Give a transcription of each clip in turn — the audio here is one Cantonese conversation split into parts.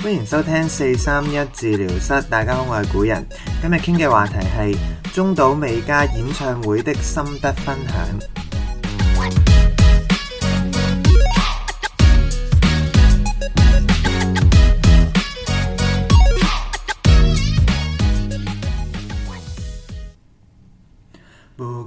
歡迎收聽四三一治療室，大家好，我係古人，今日傾嘅話題係中島美嘉演唱會的心得分享。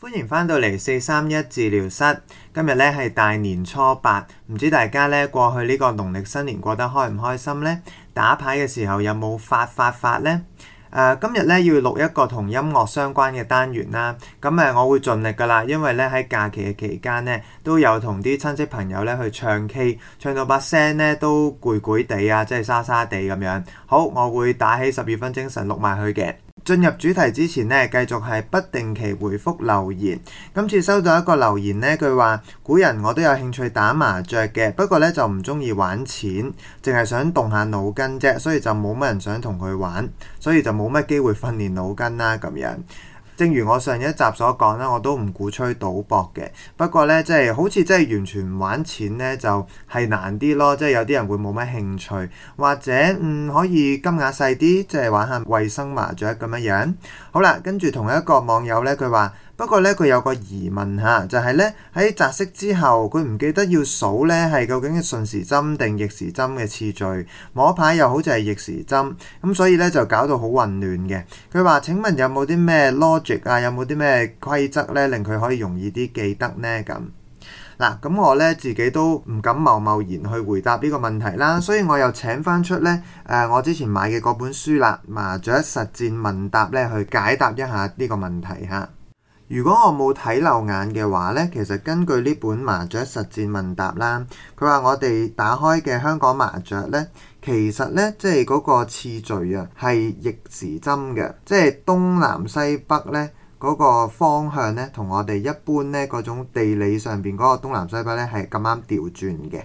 歡迎返到嚟四三一治療室。今日咧係大年初八，唔知大家咧過去呢個農曆新年過得開唔開心呢？打牌嘅時候有冇發發發呢？呃，今日咧要錄一個同音樂相關嘅單元啦。咁誒，我會盡力噶啦，因為咧喺假期嘅期間呢，都有同啲親戚朋友咧去唱 K，唱到把聲咧都攰攰地啊，即係沙沙地咁樣。好，我會打起十二分精神錄埋去嘅。進入主題之前呢，繼續係不定期回覆留言。今次收到一個留言呢，佢話：古人我都有興趣打麻雀嘅，不過呢就唔中意玩錢，淨係想動下腦筋啫，所以就冇乜人想同佢玩，所以就冇乜機會訓練腦筋啦咁樣。正如我上一集所講啦，我都唔鼓吹賭博嘅。不過呢，即係好似即係完全唔玩錢呢，就係難啲咯。即係有啲人會冇乜興趣，或者嗯可以金額細啲，即係玩下衞生麻雀咁樣樣。好啦，跟住同一個網友呢，佢話。不過咧，佢有個疑問嚇，就係咧，喺擲色之後，佢唔記得要數咧，係究竟係順時針定逆時針嘅次序。摸牌又好似係逆時針，咁所以咧就搞到好混亂嘅。佢話：請問有冇啲咩 logic 啊？有冇啲咩規則咧，令佢可以容易啲記得呢？咁嗱，咁我咧自己都唔敢貿貿然去回答呢個問題啦，所以我又請翻出咧誒我之前買嘅嗰本書啦，《麻雀實戰問答》咧去解答一下呢個問題嚇。如果我冇睇漏眼嘅話呢，其實根據呢本麻雀實戰問答啦，佢話我哋打開嘅香港麻雀呢，其實呢，即係嗰個次序啊，係逆時針嘅，即係東南西北呢嗰個方向呢，同我哋一般呢嗰種地理上邊嗰個東南西北呢係咁啱調轉嘅。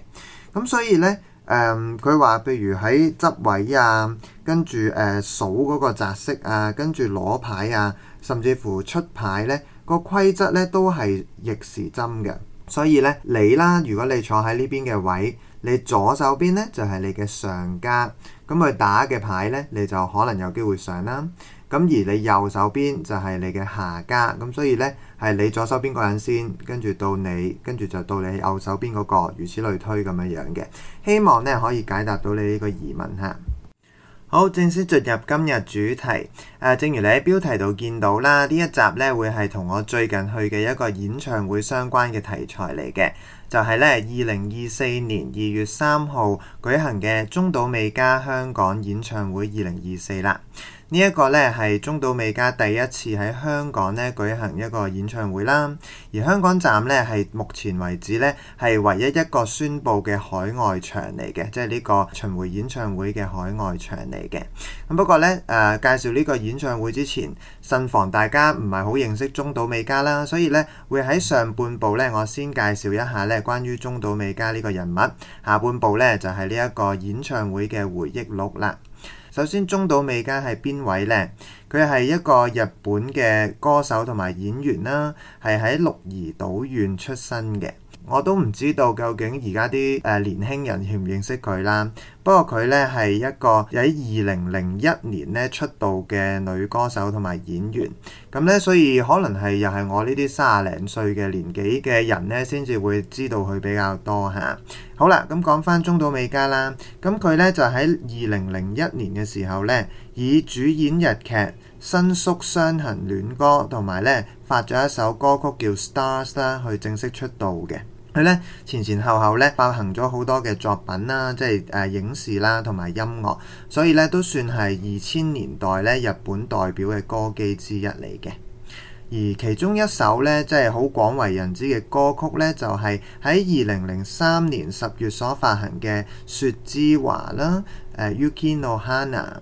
咁所以呢，誒佢話譬如喺執位啊，跟住誒數嗰個擲色啊，跟住攞牌啊，甚至乎出牌呢。個規則咧都係逆時針嘅，所以咧你啦，如果你坐喺呢邊嘅位，你左手邊咧就係你嘅上家，咁佢打嘅牌咧你就可能有機會上啦。咁而你右手邊就係你嘅下家，咁所以咧係你左手邊嗰人先，跟住到你，跟住就到你右手邊嗰個，如此類推咁樣樣嘅。希望咧可以解答到你呢個疑問嚇。好，正式進入今日主題。誒、呃，正如你喺標題度見到啦，呢一集呢會係同我最近去嘅一個演唱會相關嘅題材嚟嘅，就係、是、呢二零二四年二月三號舉行嘅中島美嘉香港演唱會二零二四啦。呢一個呢係中島美嘉第一次喺香港呢舉行一個演唱會啦，而香港站呢，係目前為止呢係唯一一個宣佈嘅海外場嚟嘅，即係呢個巡迴演唱會嘅海外場嚟嘅。咁不過呢，誒、呃，介紹呢個演唱會之前。慎防大家唔係好認識中島美嘉啦，所以呢，會喺上半部呢，我先介紹一下呢關於中島美嘉呢個人物，下半部呢，就係呢一個演唱會嘅回憶錄啦。首先，中島美嘉係邊位呢？佢係一個日本嘅歌手同埋演員啦，係喺鹿兒島縣出身嘅。我都唔知道究竟而家啲誒年輕人認唔認識佢啦。不過佢呢係一個喺二零零一年呢出道嘅女歌手同埋演員。咁呢，所以可能係又係我呢啲三廿零歲嘅年紀嘅人呢先至會知道佢比較多嚇。好啦，咁講返中島美嘉啦。咁佢呢就喺二零零一年嘅時候呢，以主演日劇《新宿傷痕戀歌》同埋呢發咗一首歌曲叫《Stars》啦，去正式出道嘅。佢咧前前後後咧包含咗好多嘅作品啦，即係誒影視啦同埋音樂，所以咧都算係二千年代咧日本代表嘅歌姬之一嚟嘅。而其中一首咧即係好廣為人知嘅歌曲咧，就係喺二零零三年十月所發行嘅《雪之華》啦，誒 Yuki No Hana。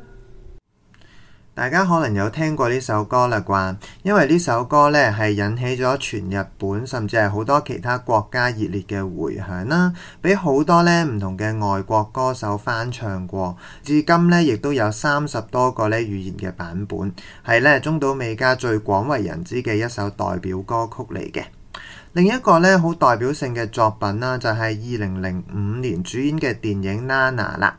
大家可能有聽過呢首歌啦，啩，因為呢首歌呢係引起咗全日本，甚至係好多其他國家熱烈嘅迴響啦，俾好多呢唔同嘅外國歌手翻唱過，至今呢亦都有三十多個呢語言嘅版本，係呢中島美嘉最廣為人知嘅一首代表歌曲嚟嘅。另一個呢好代表性嘅作品啦，就係二零零五年主演嘅電影《Nana》啦。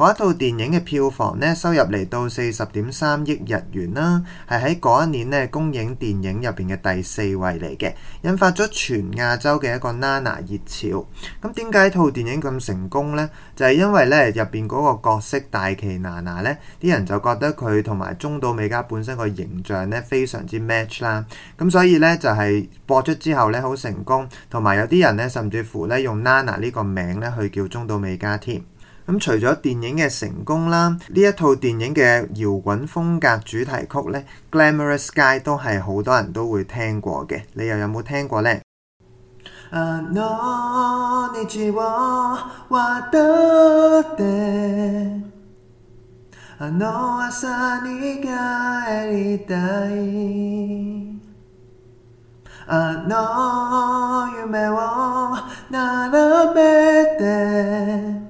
嗰一套電影嘅票房咧，收入嚟到四十點三億日元啦，係喺嗰一年咧公映電影入邊嘅第四位嚟嘅，引發咗全亞洲嘅一個 Nana 熱潮。咁點解套電影咁成功呢？就係因為咧入邊嗰個角色大崎娜娜呢啲人就覺得佢同埋中島美嘉本身個形象咧非常之 match 啦。咁所以呢，就係播出之後呢好成功，同埋有啲人呢甚至乎呢用 Nana 呢個名呢去叫中島美嘉添。咁、嗯、除咗電影嘅成功啦，呢一套電影嘅搖滾風格主題曲呢，《Glamorous Sky》都係好多人都會聽過嘅，你又有冇聽過呢？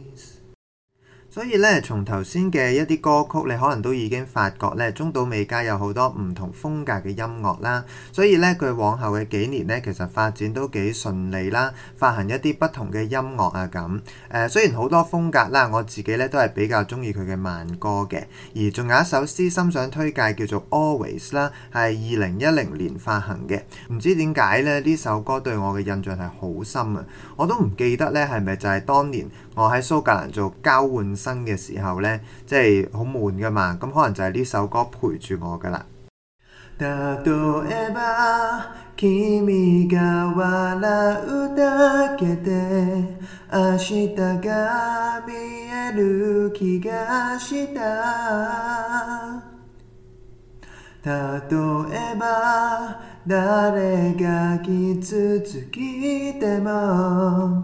所以咧，從頭先嘅一啲歌曲，你可能都已經發覺咧，中島美嘉有好多唔同風格嘅音樂啦。所以咧，佢往後嘅幾年咧，其實發展都幾順利啦，發行一啲不同嘅音樂啊咁。誒、呃，雖然好多風格啦，我自己咧都係比較中意佢嘅慢歌嘅。而仲有一首私心想推介叫做《Always》啦，係二零一零年發行嘅。唔知點解咧，呢首歌對我嘅印象係好深啊！我都唔記得咧，係咪就係當年？我喺蘇格蘭做交換生嘅時候呢，即係好悶噶嘛，咁可能就係呢首歌陪住我噶啦。例えば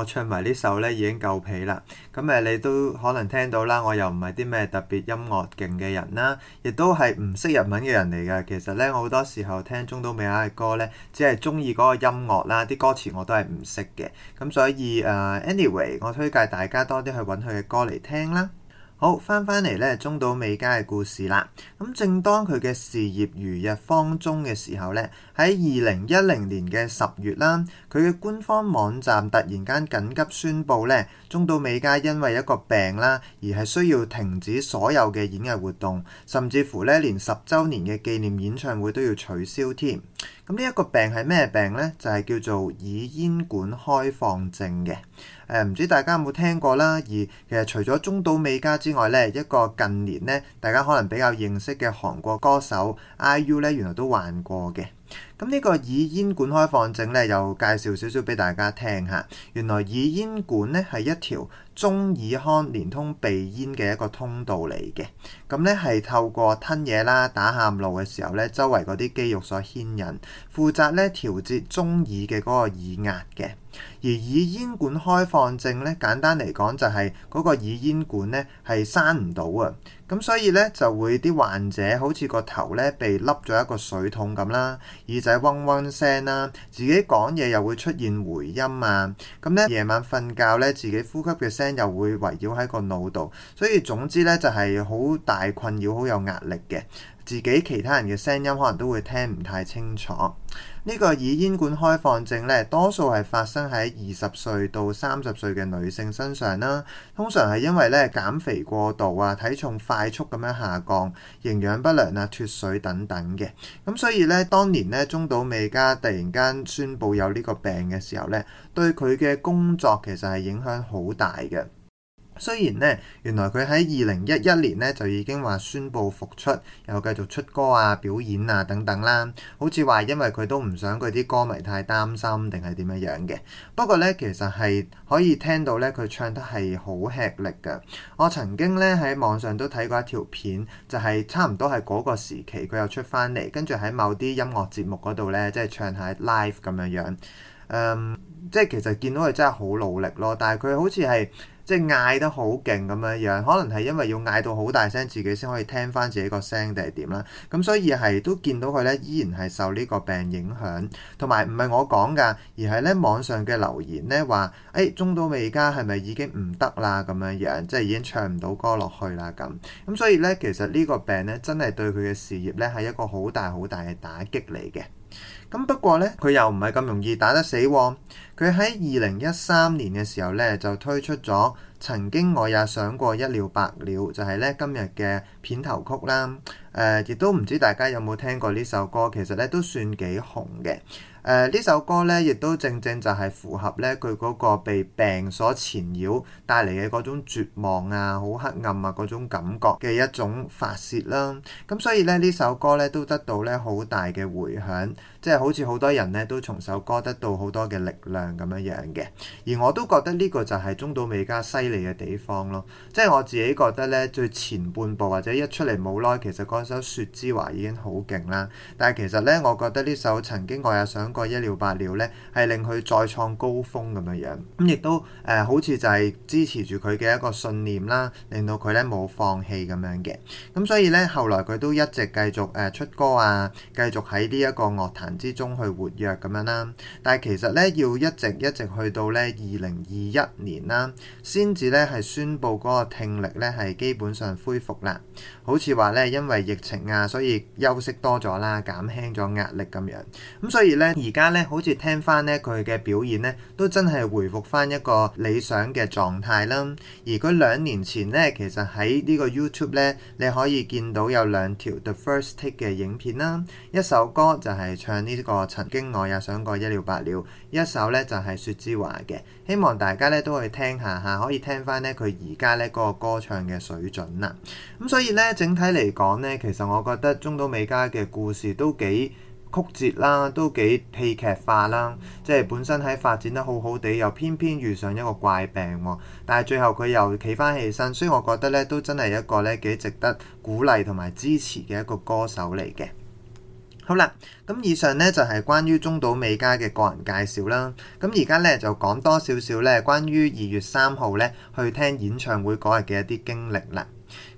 我唱埋呢首呢已經夠皮啦，咁誒你都可能聽到啦。我又唔係啲咩特別音樂勁嘅人啦，亦都係唔識日文嘅人嚟嘅。其實呢，我好多時候聽中島美嘉嘅歌呢，只係中意嗰個音樂啦，啲歌詞我都係唔識嘅。咁所以誒，uh，anyway，我推介大家多啲去揾佢嘅歌嚟聽啦。好，翻翻嚟咧中島美嘉嘅故事啦。咁，正當佢嘅事業如日方中嘅時候咧，喺二零一零年嘅十月啦，佢嘅官方網站突然間緊急宣布咧。中島美嘉因為一個病啦，而係需要停止所有嘅演藝活動，甚至乎咧連十週年嘅紀念演唱會都要取消添。咁呢一個病係咩病呢？就係、是、叫做耳咽管開放症嘅。誒，唔知大家有冇聽過啦？而其實除咗中島美嘉之外呢，一個近年呢，大家可能比較認識嘅韓國歌手 IU 呢，原來都患過嘅。咁呢個耳咽管開放症呢，又介紹少少俾大家聽下。原來耳咽管呢係一條中耳腔連通鼻咽嘅一個通道嚟嘅。咁呢係透過吞嘢啦、打喊路嘅時候呢，周圍嗰啲肌肉所牽引，負責呢調節中耳嘅嗰個耳壓嘅。而耳咽管開放症呢，簡單嚟講就係嗰個耳咽管呢係閂唔到啊，咁所以呢，就會啲患者好似個頭呢被笠咗一個水桶咁啦，耳仔嗡嗡聲啦、啊，自己講嘢又會出現回音啊，咁呢，夜晚瞓覺呢，自己呼吸嘅聲又會圍繞喺個腦度，所以總之呢，就係、是、好大困擾，好有壓力嘅。自己其他人嘅聲音可能都會聽唔太清楚。呢個耳咽管開放症呢，多數係發生喺二十歲到三十歲嘅女性身上啦。通常係因為呢，減肥過度啊，體重快速咁樣下降、營養不良啊、脫水等等嘅。咁所以呢，當年呢，中島美嘉突然間宣布有呢個病嘅時候呢，對佢嘅工作其實係影響好大嘅。雖然呢，原來佢喺二零一一年呢就已經話宣布復出，又繼續出歌啊、表演啊等等啦。好似話因為佢都唔想佢啲歌迷太擔心，定係點樣樣嘅。不過呢，其實係可以聽到呢，佢唱得係好吃力㗎。我曾經呢喺網上都睇過一條片，就係差唔多係嗰個時期佢又出翻嚟，跟住喺某啲音樂節目嗰度呢，即係唱下 live 咁樣樣。嗯，即係其實見到佢真係好努力咯，但係佢好似係。即係嗌得好勁咁樣樣，可能係因為要嗌到好大聲，自己先可以聽翻自己個聲，定係點啦？咁所以係都見到佢呢依然係受呢個病影響，同埋唔係我講噶，而係呢網上嘅留言呢話，誒、哎、中島美嘉？而家係咪已經唔得啦？咁樣樣，即係已經唱唔到歌落去啦？咁咁所以呢，其實呢個病呢真係對佢嘅事業呢係一個好大好大嘅打擊嚟嘅。咁不過呢，佢又唔係咁容易打得死喎。佢喺二零一三年嘅時候呢，就推出咗《曾經我也想過一了百了》，就係呢今日嘅片頭曲啦。誒、呃，亦都唔知大家有冇聽過呢首歌，其實呢都算幾紅嘅。誒、呃、呢首歌呢，亦都正正就係符合呢佢嗰個被病所纏繞帶嚟嘅嗰種絕望啊、好黑暗啊嗰種感覺嘅一種發洩啦。咁所以呢，呢首歌呢都得到呢好大嘅回響。即係好似好多人咧都從首歌得到好多嘅力量咁樣樣嘅，而我都覺得呢個就係中島美嘉犀利嘅地方咯。即係我自己覺得呢，最前半部或者一出嚟冇耐，其實嗰首《雪之華》已經好勁啦。但係其實呢，我覺得呢首曾經我也想過一了百了呢，係令佢再創高峰咁樣樣。咁亦都誒、呃、好似就係支持住佢嘅一個信念啦，令到佢呢冇放棄咁樣嘅。咁所以呢，後來佢都一直繼續誒出歌啊，繼續喺呢一個樂壇之中去活躍咁樣啦，但係其實咧要一直一直去到咧二零二一年啦，先至咧係宣布嗰個聽力咧係基本上恢復啦。好似話咧因為疫情啊，所以休息多咗啦，減輕咗壓力咁樣。咁所以咧而家咧好似聽翻咧佢嘅表演咧，都真係回復翻一個理想嘅狀態啦。而佢兩年前咧，其實喺呢個 YouTube 咧，你可以見到有兩條 The First Take 嘅影片啦，一首歌就係唱。呢、這個曾經我也想過一了百了，一首呢就係雪之華嘅，希望大家咧都可以聽下嚇，可以聽翻咧佢而家呢嗰個歌唱嘅水準啦。咁、嗯、所以呢，整體嚟講呢，其實我覺得中島美嘉嘅故事都幾曲折啦，都幾戲劇化啦，即係本身喺發展得好好地，又偏偏遇上一個怪病喎，但係最後佢又企翻起身，所以我覺得呢都真係一個咧幾值得鼓勵同埋支持嘅一個歌手嚟嘅。好啦，咁以上呢就係關於中島美嘉嘅個人介紹啦。咁而家呢就講多少少呢關於二月三號呢去聽演唱會嗰日嘅一啲經歷啦。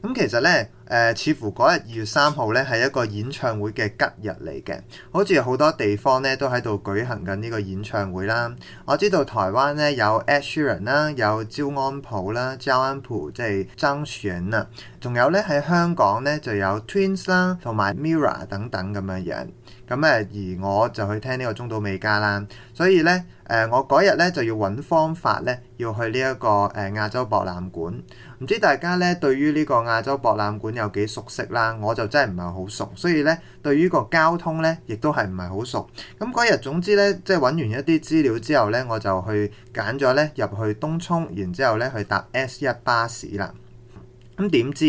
咁其實呢。誒、呃、似乎嗰日二月三號咧係一個演唱會嘅吉日嚟嘅，好似好多地方咧都喺度舉行緊呢個演唱會啦。我知道台灣咧有 Ed Sheeran 啦，有焦安溥啦，焦安溥即係張懸啊，仲有咧喺香港咧就有 Twins 啦，同埋 Mirror 等等咁嘅樣人。咁、呃、誒而我就去聽呢個中島美嘉啦，所以咧誒、呃、我嗰日咧就要揾方法咧要去呢、這、一個誒亞、呃、洲博覽館。唔知大家咧對於呢個亞洲博覽館有幾熟悉啦，我就真係唔係好熟，所以呢，對於個交通呢，亦都係唔係好熟。咁嗰日總之呢，即係揾完一啲資料之後呢，我就去揀咗呢入去東涌，然之後呢去搭 S 一巴士啦。咁點知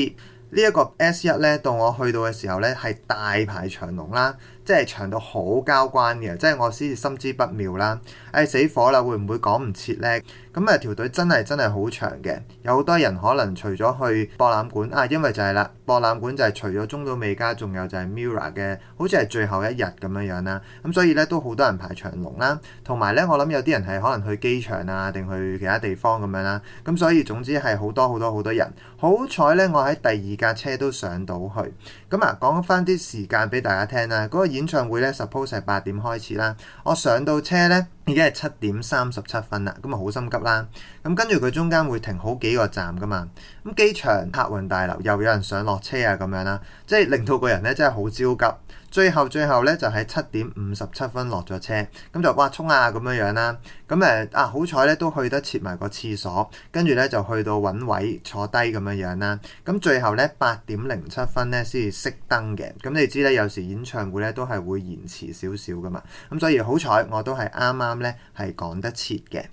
呢一個 S 一呢，到我去到嘅時候呢，係大排長龍啦。即係長到好交關嘅，即係我先至心知不妙啦！唉、哎，死火啦，會唔會講唔切呢？咁啊條隊真係真係好長嘅，有好多人可能除咗去博覽館啊，因為就係啦，博覽館就係除咗中島美嘉，仲有就係 Mira 嘅，好似係最後一日咁樣樣啦。咁所以呢，都好多人排長龍啦，同埋呢，我諗有啲人係可能去機場啊，定去其他地方咁樣啦。咁所以總之係好多好多好多人。好彩呢，我喺第二架車都上到去。咁啊，講返啲時間俾大家聽啦，嗰、那個演唱會咧，suppose 係八點開始啦。我上到車咧，已經係七點三十七分啦，咁咪好心急啦。咁跟住佢中間會停好幾個站噶嘛，咁機場客運大樓又有人上落車啊咁樣啦，即係令到個人咧真係好焦急。最後最後咧就喺七點五十七分落咗車，咁就哇衝啊咁樣樣啦，咁誒啊好彩咧都去得切埋個廁所，跟住咧就去到揾位坐低咁樣樣啦。咁最後咧八點零七分咧先至熄燈嘅，咁你知咧有時演唱會咧都係會延遲少少噶嘛，咁所以好彩我都係啱啱咧係趕得切嘅。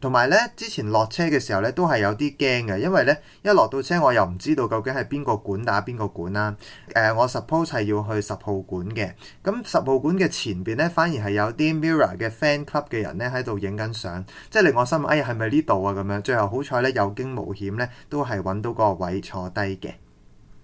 同埋咧，之前落車嘅時候咧，都係有啲驚嘅，因為咧一落到車，我又唔知道究竟係邊個館打邊個館啦、啊。誒、呃，我 suppose 係要去十號館嘅，咁十號館嘅前邊咧，反而係有啲 Mirror 嘅 Fan Club 嘅人咧喺度影緊相，即係令我心諗哎呀，係咪呢度啊咁樣？最後好彩咧，有驚無險咧，都係揾到嗰個位坐低嘅。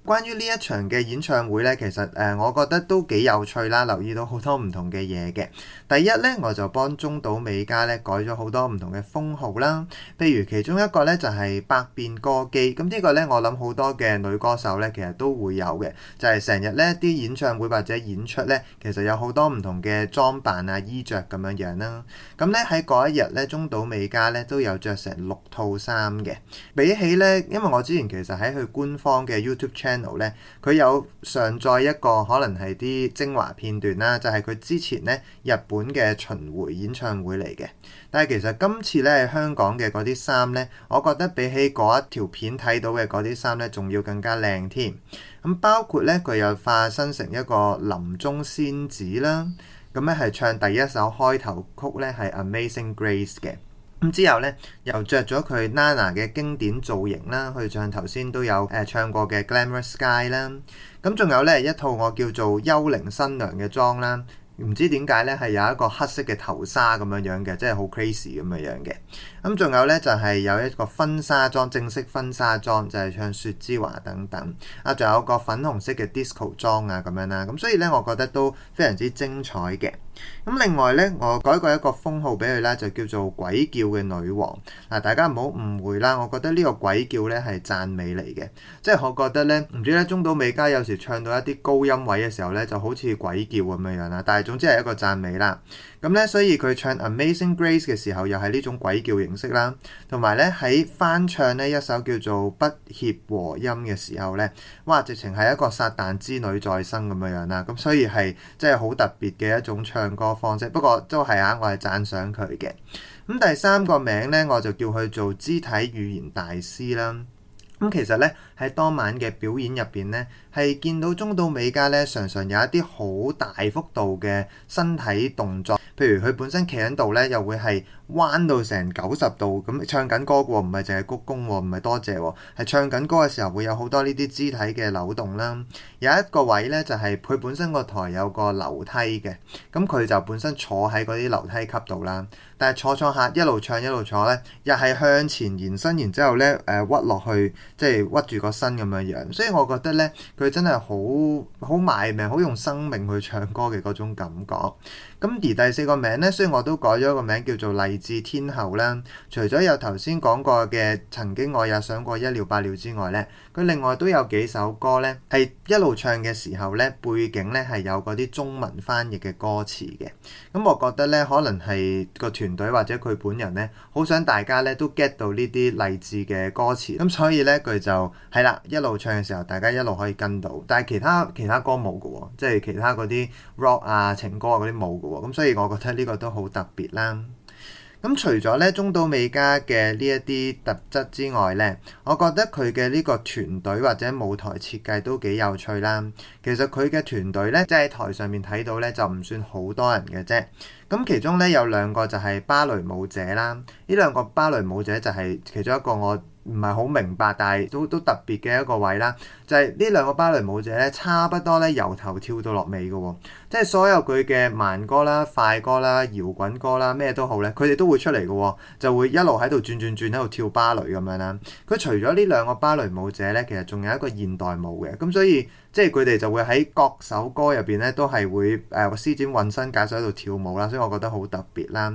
關於呢一場嘅演唱會呢，其實誒、呃，我覺得都幾有趣啦，留意到好多唔同嘅嘢嘅。第一呢，我就幫中島美嘉呢改咗好多唔同嘅封號啦。譬如其中一個呢，就係、是、百變歌姬，咁呢個呢，我諗好多嘅女歌手呢，其實都會有嘅，就係成日呢啲演唱會或者演出呢，其實有好多唔同嘅裝扮啊、衣着咁樣樣啦。咁呢，喺嗰一日呢，中島美嘉呢都有着成六套衫嘅。比起呢，因為我之前其實喺佢官方嘅 YouTube channel，咧，佢有上載一個可能係啲精華片段啦，就係佢之前呢日本嘅巡迴演唱會嚟嘅。但係其實今次呢喺香港嘅嗰啲衫呢，我覺得比起嗰一條片睇到嘅嗰啲衫呢，仲要更加靚添。咁包括呢，佢又化身成一個林中仙子啦，咁咧係唱第一首開頭曲呢，係《Amazing Grace》嘅。咁之後呢，又着咗佢 Nana 嘅經典造型像、呃、Sky, 啦，去唱頭先都有誒唱過嘅《Glamorous Sky》啦。咁仲有呢一套我叫做幽靈新娘嘅裝啦，唔知點解呢，係有一個黑色嘅頭紗咁樣 zy, 樣嘅，即係好 crazy 咁樣樣嘅。咁仲有呢，就係、是、有一個婚紗裝，正式婚紗裝就係、是、唱《雪之華》等等。啊，仲有個粉紅色嘅 disco 裝啊咁樣啦。咁所以呢，我覺得都非常之精彩嘅。咁另外呢，我改過一個封號俾佢啦，就叫做鬼叫嘅女王。嗱，大家唔好誤會啦，我覺得呢個鬼叫呢係讚美嚟嘅，即係我覺得呢，唔知咧中島美嘉有時唱到一啲高音位嘅時候呢，就好似鬼叫咁樣樣啦。但係總之係一個讚美啦。咁咧，所以佢唱《Amazing Grace》嘅時候，又係呢種鬼叫形式啦。同埋咧，喺翻唱咧一首叫做《不協和音》嘅時候咧，哇！直情係一個撒旦之女再生咁樣樣啦。咁所以係即係好特別嘅一種唱歌方式。不過都係啊，我係讚賞佢嘅。咁第三個名咧，我就叫佢做肢體語言大師啦。咁其實咧，喺當晚嘅表演入邊咧，係見到中島美嘉咧，常常有一啲好大幅度嘅身體動作。譬如佢本身企喺度呢，又會係彎到成九十度咁唱緊歌嘅喎，唔係淨係鞠躬喎，唔係多謝喎，係唱緊歌嘅時候會有好多呢啲肢體嘅扭動啦。有一個位呢，就係佢本身個台有個樓梯嘅，咁佢就本身坐喺嗰啲樓梯級度啦。但係坐坐下一路唱一路坐呢，又係向前延伸，然之後呢，誒屈落去，即係屈住個身咁樣樣。所以我覺得呢，佢真係好好賣命，好用生命去唱歌嘅嗰種感覺。咁而第四個名呢，雖然我都改咗個名叫做勵志天后啦。除咗有頭先講過嘅曾經我也想過一了百了之外呢，佢另外都有幾首歌呢，係一路唱嘅時候呢，背景呢係有嗰啲中文翻譯嘅歌詞嘅。咁我覺得呢，可能係個團隊或者佢本人呢，好想大家呢都 get 到呢啲勵志嘅歌詞。咁所以呢，佢就係啦，一路唱嘅時候，大家一路可以跟到。但係其他其他歌冇㗎喎，即係其他嗰啲 rock 啊、情歌啊嗰啲冇㗎。咁所以我覺得呢個都好特別啦。咁除咗咧中島美嘉嘅呢一啲特質之外咧，我覺得佢嘅呢個團隊或者舞台設計都幾有趣啦。其實佢嘅團隊咧，即係喺台上面睇到咧，就唔算好多人嘅啫。咁其中咧有兩個就係芭蕾舞者啦。呢兩個芭蕾舞者就係其中一個我。唔係好明白，但係都都特別嘅一個位啦，就係呢兩個芭蕾舞者咧，差不多咧由頭跳到落尾嘅喎、哦，即係所有佢嘅慢歌啦、快歌啦、搖滾歌啦，咩都好咧，佢哋都會出嚟嘅、哦，就會一路喺度轉轉轉喺度跳芭蕾咁樣啦。佢除咗呢兩個芭蕾舞者咧，其實仲有一個現代舞嘅，咁所以。即係佢哋就會喺各首歌入邊咧，都係會誒施、呃、展渾身解數喺度跳舞啦，所以我覺得好特別啦。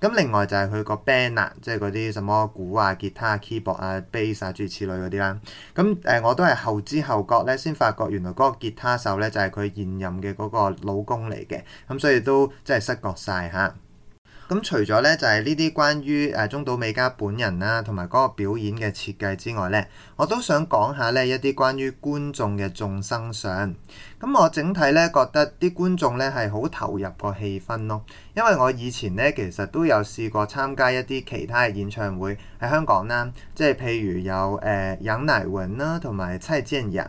咁另外就係佢個 band，即係嗰啲什麼鼓啊、吉他 keyboard 啊、bass 啊諸如此類嗰啲啦。咁誒、呃、我都係後知後覺咧，先發覺原來嗰個吉他手咧就係、是、佢現任嘅嗰個老公嚟嘅。咁所以都真係失覺晒嚇。咁、嗯、除咗咧，就係呢啲關於誒、呃、中島美嘉本人啦、啊，同埋嗰個表演嘅設計之外咧，我都想講下咧一啲關於觀眾嘅眾生相。咁、嗯、我整體咧覺得啲觀眾咧係好投入個氣氛咯、哦，因為我以前咧其實都有試過參加一啲其他嘅演唱會喺香港啦，即係譬如有誒楊乃文啦，同埋蔡健雅。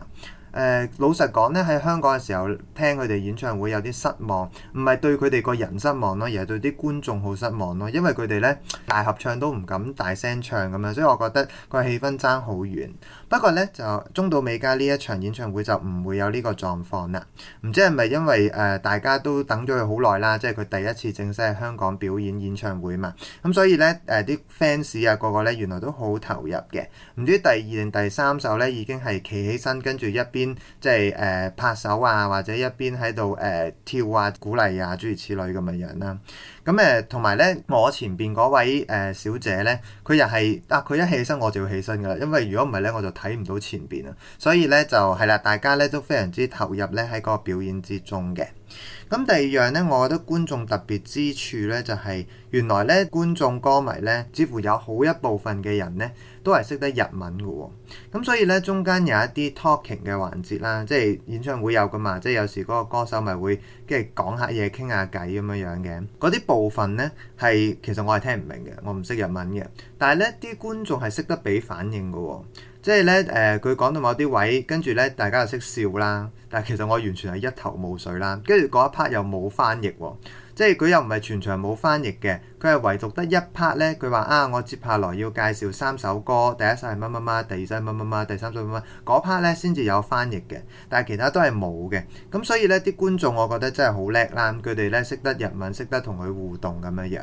誒、呃、老實講咧，喺香港嘅時候聽佢哋演唱會有啲失望，唔係對佢哋個人失望咯，而係對啲觀眾好失望咯。因為佢哋咧大合唱都唔敢大聲唱咁樣，所以我覺得個氣氛爭好遠。不過咧就中島美嘉呢一場演唱會就唔會有呢個狀況啦。唔知係咪因為誒、呃、大家都等咗佢好耐啦，即係佢第一次正式喺香港表演演唱會嘛。咁所以咧誒啲 fans 啊個個咧原來都好投入嘅。唔知第二定第三首咧已經係企起身跟住一邊。即係誒拍手啊，或者一邊喺度誒跳啊鼓勵啊，諸如此類咁嘅樣啦。咁誒同埋咧，我前邊嗰位誒、呃、小姐咧，佢又係啊，佢一起身我就要起身噶啦，因為如果唔係咧，我就睇唔到前邊啊。所以咧就係、是、啦，大家咧都非常之投入咧喺個表演之中嘅。咁第二樣呢，我覺得觀眾特別之處呢，就係原來呢，觀眾歌迷呢，似乎有好一部分嘅人呢，都係識得日文㗎喎。咁所以呢，中間有一啲 talking 嘅環節啦，即係演唱會有㗎嘛，即係有時嗰個歌手咪會即係講下嘢傾下偈咁樣樣嘅。嗰啲部分呢，係其實我係聽唔明嘅，我唔識日文嘅。但係呢啲觀眾係識得俾反應㗎喎。即係咧，誒、呃，佢講到某啲位，跟住咧，大家又識笑啦。但係其實我完全係一頭霧水啦。跟住嗰一 part 又冇翻譯喎、哦。即係佢又唔係全場冇翻譯嘅，佢係唯獨得一 part 咧。佢話啊，我接下來要介紹三首歌，第一首係乜乜乜，第二首係乜乜乜，第三首乜乜。嗰 part 咧先至有翻譯嘅，但係其他都係冇嘅。咁所以咧，啲觀眾我覺得真係好叻啦。佢哋咧識得日文，識得同佢互動咁樣樣。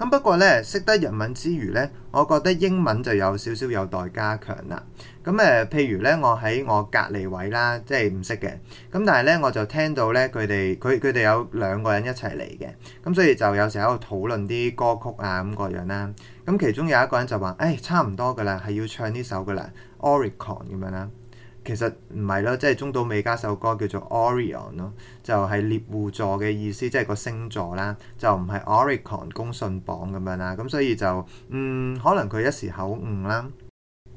咁不過呢，識得日文之餘呢，我覺得英文就有少少有待加強啦。咁誒、呃，譬如呢，我喺我隔離位啦，即係唔識嘅。咁但係呢，我就聽到呢，佢哋佢佢哋有兩個人一齊嚟嘅，咁所以就有時喺度討論啲歌曲啊咁個樣啦。咁其中有一個人就話：誒、哎、差唔多噶啦，係要唱呢首噶啦，Oricon 咁樣啦。其實唔係咯，即係中島美嘉首歌叫做 Orion 咯，就係獵戶座嘅意思，即係個星座啦，就唔係 Oricon 公信榜咁樣啦，咁所以就嗯可能佢一時口誤啦。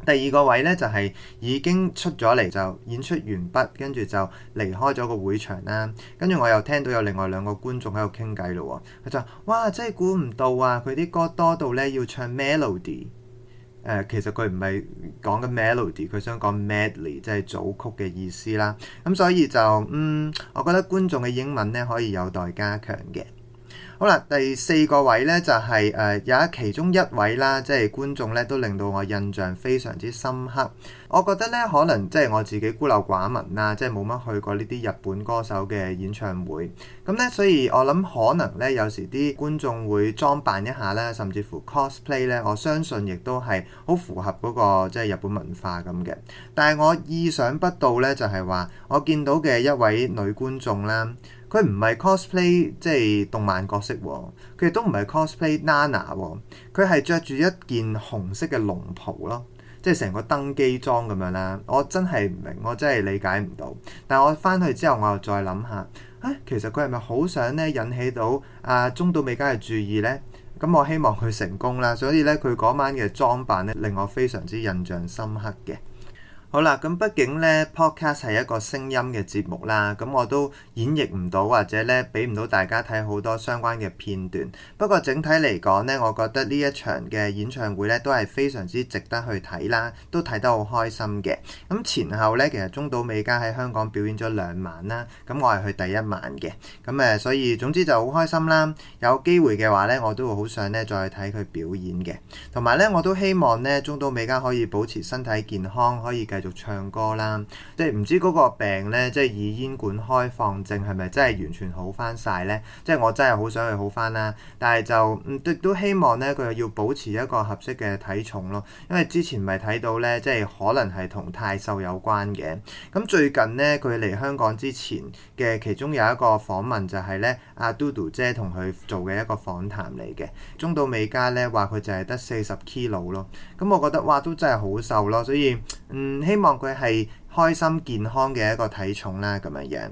第二個位呢，就係、是、已經出咗嚟就演出完畢，跟住就離開咗個會場啦。跟住我又聽到有另外兩個觀眾喺度傾偈咯喎，佢就話：哇，真係估唔到啊！佢啲歌多到呢，要唱 Melody。誒、呃、其實佢唔係講緊 melody，佢想講 medley，即係組曲嘅意思啦。咁所以就嗯，我覺得觀眾嘅英文咧可以有待加強嘅。好啦，第四個位呢就係誒有一其中一位啦，即係觀眾呢都令到我印象非常之深刻。我覺得呢，可能即係我自己孤陋寡聞啦，即係冇乜去過呢啲日本歌手嘅演唱會。咁呢，所以我諗可能呢，有時啲觀眾會裝扮一下啦，甚至乎 cosplay 呢，我相信亦都係好符合嗰個即係日本文化咁嘅。但係我意想不到呢，就係話，我見到嘅一位女觀眾啦。佢唔係 cosplay 即係動漫角色喎，佢亦都唔係 cosplay Nana 喎，佢係着住一件紅色嘅龍袍咯，即係成個登基裝咁樣啦。我真係唔明，我真係理解唔到。但係我翻去之後，我又再諗下，啊，其實佢係咪好想咧引起到啊中島美嘉嘅注意呢？咁我希望佢成功啦，所以呢，佢嗰晚嘅裝扮呢，令我非常之印象深刻嘅。好啦，咁畢竟呢 Podcast 係一個聲音嘅節目啦，咁我都演繹唔到或者呢俾唔到大家睇好多相關嘅片段。不過整體嚟講呢，我覺得呢一場嘅演唱會呢，都係非常之值得去睇啦，都睇得好開心嘅。咁前後呢，其實中島美嘉喺香港表演咗兩晚啦，咁我係去第一晚嘅，咁誒所以總之就好開心啦。有機會嘅話呢，我都會好想呢，再睇佢表演嘅。同埋呢，我都希望呢，中島美嘉可以保持身體健康，可以繼就唱歌啦，即係唔知嗰個病咧，即係以煙管開放症係咪真係完全好翻晒咧？即係我真係好想去好翻啦，但係就，嗯，都希望咧佢又要保持一個合適嘅體重咯，因為之前咪睇到咧，即係可能係同太瘦有關嘅。咁最近咧佢嚟香港之前嘅其中有一個訪問就係咧阿嘟嘟姐同佢做嘅一個訪談嚟嘅，中島美嘉咧話佢就係得四十 kilo 咯。咁我覺得哇都真係好瘦咯，所以嗯希望佢係開心健康嘅一個體重啦，咁樣樣。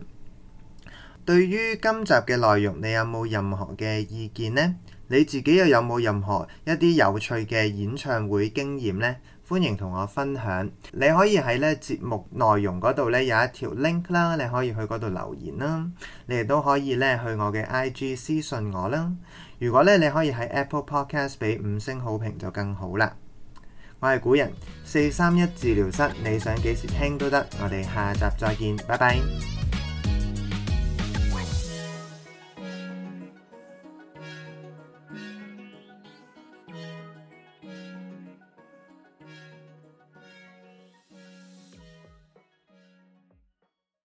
對於今集嘅內容，你有冇任何嘅意見呢？你自己又有冇任何一啲有趣嘅演唱會經驗呢？歡迎同我分享。你可以喺呢節目內容嗰度呢有一條 link 啦，你可以去嗰度留言啦。你亦都可以呢去我嘅 IG 私信我啦。如果呢你可以喺 Apple Podcast 俾五星好評就更好啦。我係古人四三一治療室，你想幾時聽都得，我哋下集再見，拜拜。